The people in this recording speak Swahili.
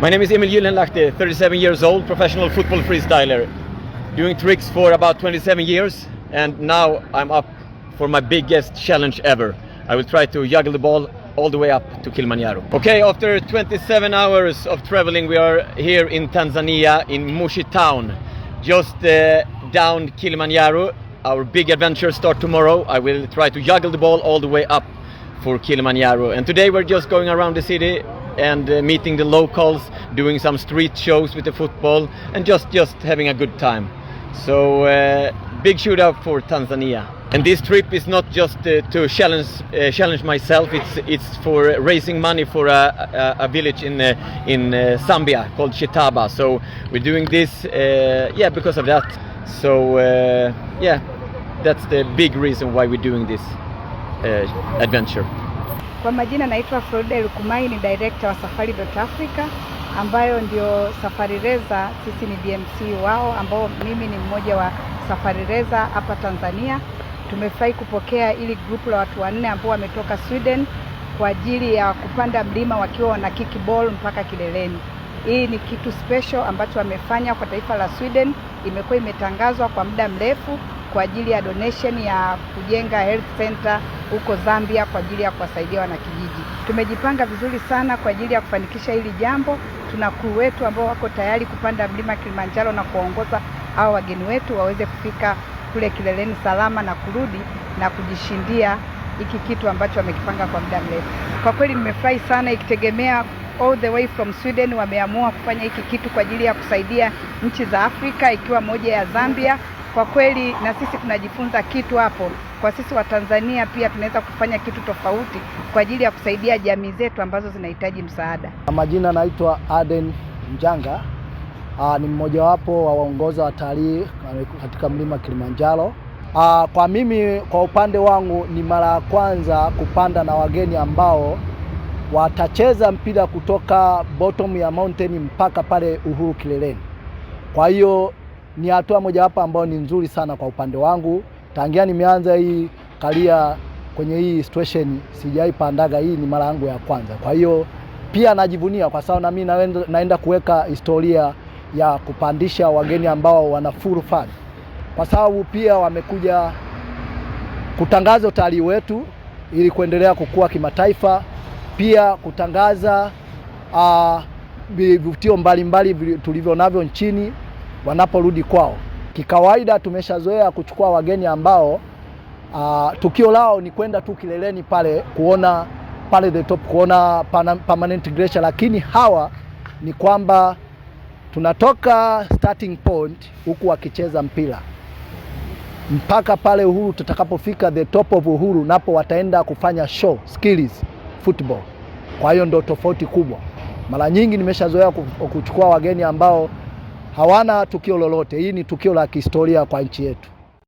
My name is Emil Gyllenlahti, 37 years old, professional football freestyler. Doing tricks for about 27 years, and now I'm up for my biggest challenge ever. I will try to juggle the ball all the way up to Kilimanjaro. Okay, after 27 hours of traveling, we are here in Tanzania, in Mushi town, just uh, down Kilimanjaro. Our big adventure starts tomorrow. I will try to juggle the ball all the way up for Kilimanjaro. And today we're just going around the city, and uh, meeting the locals, doing some street shows with the football, and just just having a good time. So uh, big shout out for Tanzania. And this trip is not just uh, to challenge uh, challenge myself. It's it's for raising money for a, a, a village in uh, in uh, Zambia called Chitaba. So we're doing this, uh, yeah, because of that. So uh, yeah, that's the big reason why we're doing this adventure. Kwa majina naitwa Florida Lukumai, ni director wa Safari Dot Africa ambayo ndio Safari Reza. Sisi ni DMC wao ambao mimi ni mmoja wa Safari Reza hapa Tanzania. Tumefurahi kupokea ili grupu la watu wanne ambao wametoka Sweden kwa ajili ya kupanda mlima wakiwa wana kickball mpaka kileleni. Hii ni kitu special ambacho wamefanya kwa taifa la Sweden, imekuwa imetangazwa kwa muda mrefu kwa ajili ya donation ya kujenga health center huko Zambia kwa ajili ya kuwasaidia wanakijiji. Tumejipanga vizuri sana kwa ajili ya kufanikisha hili jambo. Tuna kuu wetu ambao wako tayari kupanda mlima Kilimanjaro na kuwaongoza hao wageni wetu waweze kufika kule kileleni salama na kurudi na kujishindia hiki kitu ambacho wamekipanga kwa muda mrefu. Kwa kweli nimefurahi sana, ikitegemea all the way from Sweden wameamua kufanya hiki kitu kwa ajili ya kusaidia nchi za Afrika, ikiwa moja ya Zambia. Kwa kweli na sisi tunajifunza kitu hapo, kwa sisi Watanzania pia tunaweza kufanya kitu tofauti kwa ajili ya kusaidia jamii zetu ambazo zinahitaji msaada. Majina naitwa Aden Mjanga. Aa, ni mmojawapo wa waongoza watalii katika mlima Kilimanjaro. Aa, kwa mimi kwa upande wangu ni mara ya kwanza kupanda na wageni ambao watacheza mpira kutoka bottom ya mountain mpaka pale Uhuru kileleni. Kwa hiyo ni hatua mojawapo ambayo ni nzuri sana kwa upande wangu. Tangia nimeanza hii karia kwenye hii situation sijaipandaga, hii ni mara yangu ya kwanza. Kwa hiyo pia najivunia kwa sababu na mimi naenda, naenda kuweka historia ya kupandisha wageni ambao wana full fund, kwa sababu pia wamekuja kutangaza utalii wetu ili kuendelea kukua kimataifa, pia kutangaza uh, vivutio mbalimbali tulivyo navyo nchini wanaporudi kwao. Kikawaida tumeshazoea kuchukua wageni ambao uh, tukio lao ni kwenda tu kileleni pale kuona pale the top kuona permanent glacier, lakini hawa ni kwamba tunatoka starting point huku wakicheza mpira mpaka pale Uhuru tutakapofika the top of Uhuru, napo wataenda kufanya show skills football. Kwa hiyo ndo tofauti kubwa. Mara nyingi nimeshazoea kuchukua wageni ambao hawana tukio lolote. Hii ni tukio la kihistoria kwa nchi yetu.